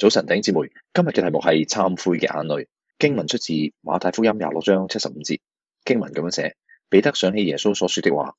早晨，弟兄姊妹，今日嘅題目係懺悔嘅眼淚。經文出自馬太福音廿六章七十五節，經文咁樣寫：彼得想起耶穌所說的話，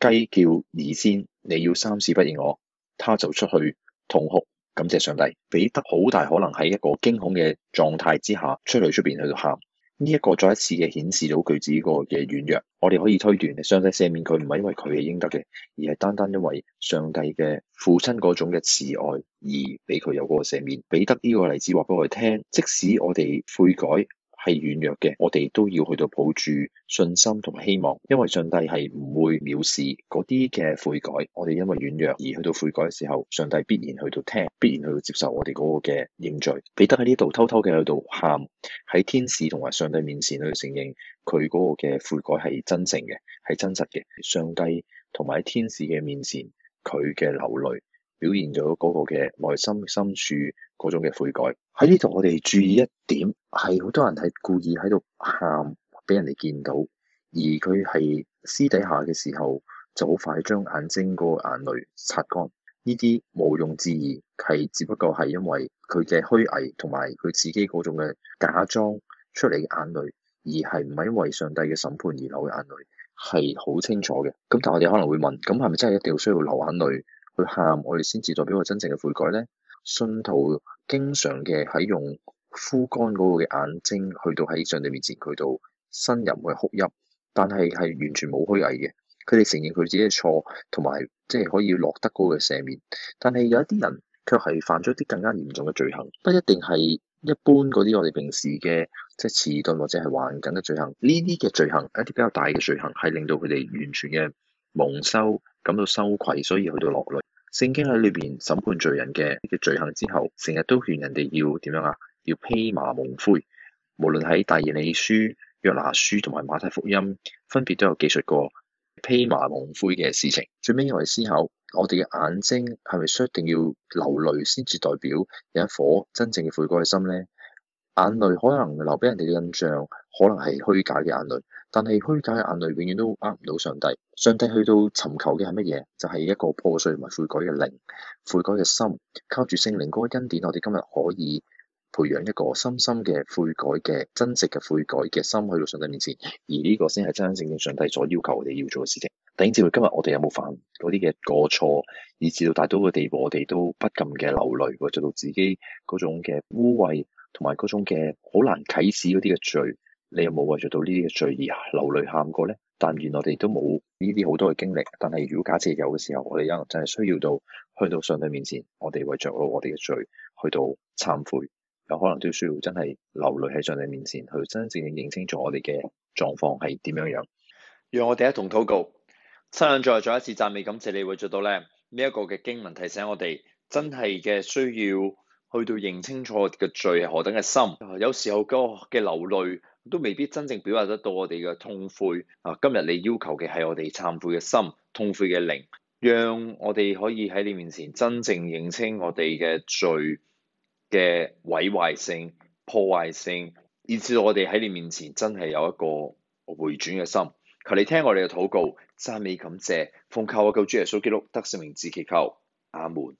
雞叫以先，你要三次不認我，他就出去痛哭，感謝上帝。彼得好大可能喺一個驚恐嘅狀態之下，出去出邊喺度喊。呢一個再一次嘅顯示到佢自己個嘅軟弱，我哋可以推斷，上帝赦免佢唔係因為佢係應得嘅，而係單單因為上帝嘅父親嗰種嘅慈愛而俾佢有嗰個赦免。彼得呢個例子話俾我哋聽，即使我哋悔改，係軟弱嘅，我哋都要去到抱住信心同希望，因為上帝係唔會藐視嗰啲嘅悔改。我哋因為軟弱而去到悔改嘅時候，上帝必然去到聽，必然去到接受我哋嗰個嘅認罪。彼得喺呢度偷偷嘅喺度喊，喺天使同埋上帝面前去承認佢嗰個嘅悔改係真誠嘅，係真實嘅。上帝同埋喺天使嘅面前，佢嘅流淚表現咗嗰個嘅內心深處。嗰種嘅悔改喺呢度，我哋注意一點係好多人係故意喺度喊俾人哋見到，而佢係私底下嘅時候就好快將眼睛個眼淚擦乾。呢啲毋庸置疑係只不過係因為佢嘅虛偽同埋佢自己嗰種嘅假裝出嚟嘅眼淚，而係唔係因為上帝嘅審判而流嘅眼淚係好清楚嘅。咁但係我哋可能會問：咁係咪真係一定要需要流眼淚去喊，我哋先至代表個真正嘅悔改咧？信徒經常嘅喺用枯乾嗰個嘅眼睛去到喺上帝面前，去到呻吟去哭泣，但係係完全冇虛偽嘅。佢哋承認佢自己嘅錯，同埋即係可以落得嗰個赦免。但係有一啲人卻係犯咗一啲更加嚴重嘅罪行，不一定係一般嗰啲我哋平時嘅即係遲鈍或者係玩緊嘅罪行。呢啲嘅罪行一啲比較大嘅罪行，係令到佢哋完全嘅蒙羞，感到羞愧，所以去到落淚。聖經喺裏邊審判罪人嘅呢個罪行之後，成日都勸人哋要點樣啊？要披麻蒙灰。無論喺但以理書、約拿書同埋馬太福音，分別都有記述過披麻蒙灰嘅事情。 最尾又係思考，我哋嘅眼睛係咪一定要流淚先至代表有一顆真正嘅悔過嘅心咧？眼淚可能留俾人哋嘅印象，可能係虛假嘅眼淚。但係虛假嘅眼淚永遠都呃唔到上帝。上帝去到尋求嘅係乜嘢？就係、是、一個破碎同埋悔改嘅靈、悔改嘅心，靠住聖靈嗰個恩典，我哋今日可以培養一個深深嘅悔改嘅真實嘅悔改嘅心去到上帝面前，而呢個先係真真正正上帝所要求我哋要做嘅事情。弟兄姊妹，今日我哋有冇犯嗰啲嘅過錯，以至到大到個地步，我哋都不禁嘅流淚，或做到自己嗰種嘅污穢，同埋嗰種嘅好難啟齒嗰啲嘅罪。你有冇為著到呢啲嘅罪而流淚喊過咧？但願我哋都冇呢啲好多嘅經歷。但係如果假設有嘅時候，我哋有真係需要到去到上帝面前，我哋為著到我哋嘅罪去到懺悔，有可能都需要真係流淚喺上帝面前，去真真正正認清楚我哋嘅狀況係點樣樣。讓我哋一同禱告，親信在再一次讚美感謝你會做，為著到咧呢一個嘅經文提醒我哋，真係嘅需要。去到認清楚我哋嘅罪係何等嘅心，有時候嘅嘅流淚都未必真正表達得到我哋嘅痛悔。啊，今日你要求嘅係我哋懺悔嘅心、痛悔嘅靈，讓我哋可以喺你面前真正認清我哋嘅罪嘅毀壞性、破壞性，以致到我哋喺你面前真係有一個回轉嘅心。求你聽我哋嘅禱告，讚美感謝，奉靠我救主耶穌基督得勝名字祈求，阿門。